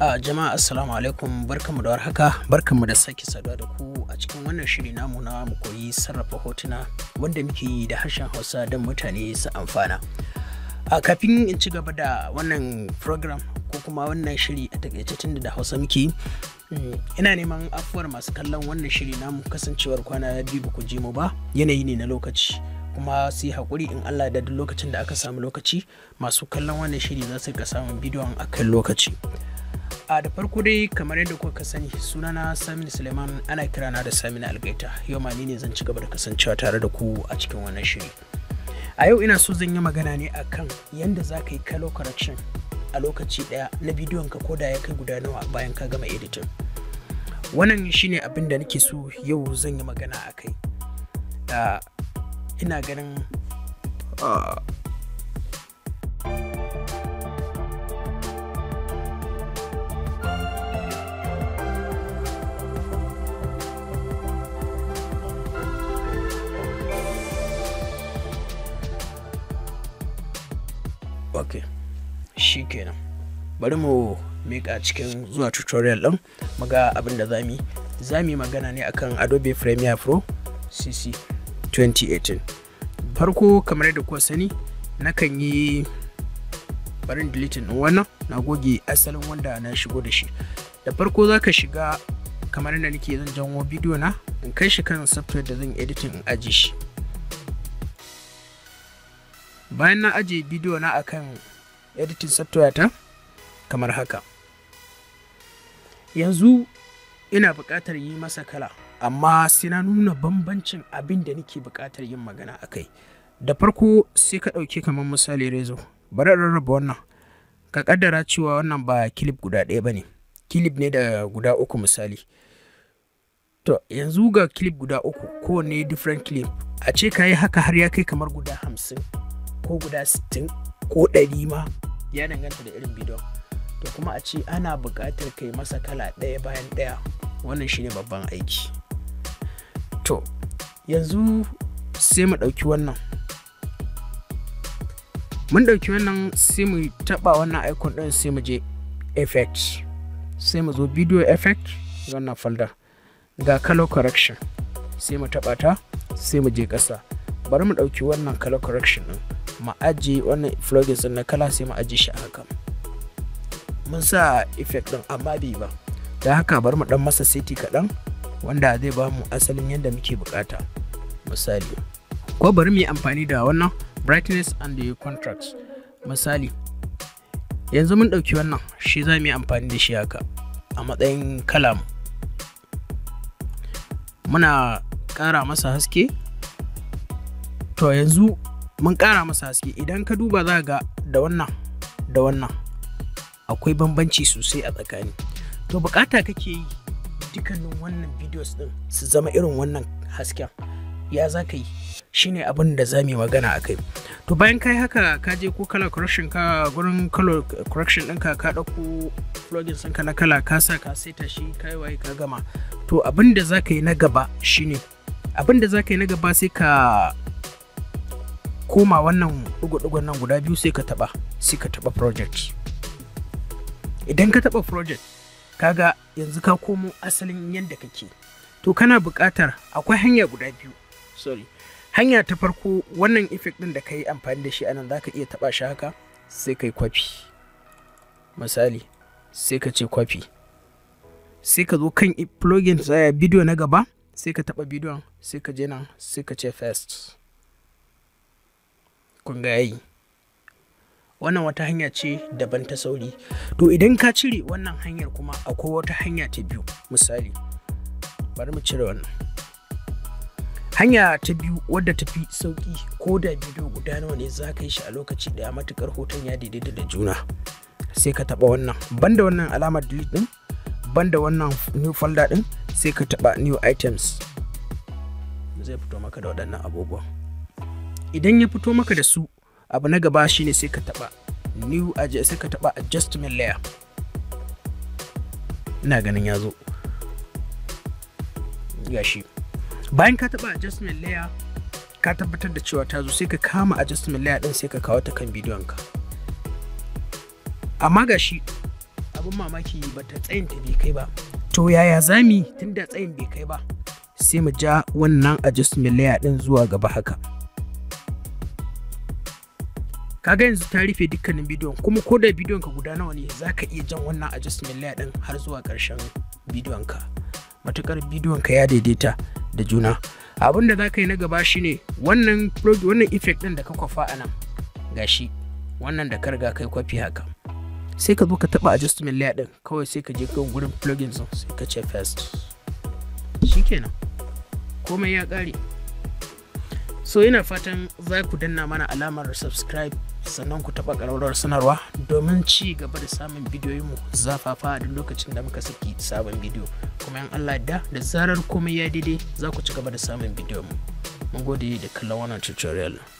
Uh, jama'a assalamu alaikum barkanmu da warhaka barkanmu da sake saduwa da ku a cikin wannan shiri namu na mu koyi sarrafa hotuna wanda muke yi da harshen hausa don mutane su amfana a kafin in ci gaba da wannan program ko kuma wannan shiri a takaice tun da hausa muke mm, ina neman afuwar masu kallon wannan shiri namu kasancewar kwana biyu ba ku je mu ba yanayi ne na lokaci kuma su yi haƙuri in Allah da duk lokacin da aka samu lokaci masu kallon wannan shiri za su rika samun bidiyon akan lokaci a da farko dai kamar yadda kuka sani sunana samin suleiman ana kirana da samin algaita yau ma ne zan ci gaba da kasancewa tare da ku a cikin wannan shiri a yau ina so zan yi magana ne akan yadda za ka yi kalo correction a lokaci daya na bidiyon ka ko da ya kai guda nawa bayan ka gama editing wannan shine abin da nake so yau zan yi magana a kai ina ganin ah, ok shi kenan bari mu mika cikin zuwa tutorial ɗin muga abin da zami zami magana ne akan adobe premiere pro cc 2018 farko kamar da kuwa sani nakan yi barin deleting ɗin wannan na goge asalin wanda na shigo da shi da farko zaka shiga kamar yadda nake zan janwo bidiyo na in kai shi kan software da zan editing in aji shi bayan na ajiye bidiyo na akan editing software ta kamar haka yanzu ina bukatar yi masa kala amma sai na nuna bambancin abin da nake buƙatar yin magana a kai da farko sai ka ɗauki kamar misali rezo bari rarraba wannan ka ƙaddara cewa wannan ba kilif guda ɗaya bane ne ne da guda uku misali to yanzu ga kilif guda uku kowane different clip a ce ka yi haka har ya kai kamar guda hamsin ko guda 60 ko 100 ma ya danganta da irin bidon to kuma a ce ana buƙatar kai masa kala ɗaya bayan ɗaya wannan shine babban aiki to yanzu sai mu ɗauki wannan mun ɗauki wannan sai mu taɓa wannan icon ɗin sai mu je effect sai mu zo video effect wannan folder ga color correction sai mu taɓa ta sai mu je ƙasa bari mu ɗauki wannan color correction ɗin ma aje wannan plugins na kala sai mu aje shi haka mun sa effect din amma bai ba da haka bar mu dan masa seti kaɗan wanda zai ba mu asalin yadda muke bukata misali ko bari mu yi amfani da wannan brightness and the contrast misali yanzu mun ɗauki wannan shi za mu yi amfani da shi haka a matsayin kalam muna ƙara masa haske to yanzu mun ƙara masa haske idan ka duba za ga da wannan da wannan akwai bambanci sosai a tsakani to bukata kake yi dukkanin wannan videos din su zama irin wannan hasken ya za ka yi shine abin da za mu magana a kai to bayan kai haka ka je ko color correction ka gurin color correction ɗinka ka ɗauko plugin sun kala kala ka sa ka saita shi kai waye ka gama to abin da za ka yi na gaba shine abin da za ka yi na gaba sai ka koma wannan ɗigo nan guda biyu sai ka taɓa sai ka taɓa project idan ka taɓa project kaga yanzu ka komo asalin yadda kake to kana buƙatar akwai hanya guda biyu sorry hanya ta farko wannan effect ɗin da ka yi amfani da shi anan za ka iya taɓa shi haka sai ka yi kwafi misali sai ka ce kwafi sai ka zo kan plugin zaya bidiyo na gaba sai ka taɓa bidiyon sai ka je nan sai ka ce first ku ga yi wannan wata hanya ce daban ta sauri to idan ka cire wannan hanyar kuma akwai wata hanya ta biyu misali bari mu cire wannan hanya ta biyu wadda ta fi sauki ko da bidiyo guda nawa ne za ka yi shi a lokaci daya matukar hoton ya daidaita da juna sai ka taba wannan banda wannan alamar delete din banda wannan new folder din sai ka taba new items zai fito maka da waɗannan abubuwan idan ya fito maka da su abu na gaba shine sai ka taba new sai ka taba adjustment layer ina ganin ya zo shi bayan ka taba adjustment layer ka tabbatar da cewa ta zo sai ka kama adjustment layer din sai ka kawo ta kan bidiyon ka amma gashi abin mamaki ba ta tsayin ta bai kai ba to yaya zami tunda tsayin bai kai ba sai mu ja wannan adjustment layer din zuwa gaba haka Ka ga yanzu ta rufe dukkanin bidiyon kuma ko da bidiyon ka guda nawa ne za ka iya jan wannan adjustment layer din har zuwa ƙarshen bidiyon ka matukar bidiyon ka ya daidaita da juna abin da za ka yi na gaba shine wannan wannan effect din da ka kwafa a nan gashi wannan da ka riga kai kwafi haka sai ka zo ka taba adjustment layer din kawai sai ka je kan gurin plugins din sai ka ce first shikenan komai ya kare so ina fatan za ku danna mana alamar subscribe sannan ku taɓa ƙararrawar sanarwa domin ci gaba da samun mu zafafa a duk lokacin da muka saki sabon bidiyo kuma in Allah da da zarar komai ya daidai za ku ci gaba da samun bidiyonmu mun gode da kallon wannan tutorial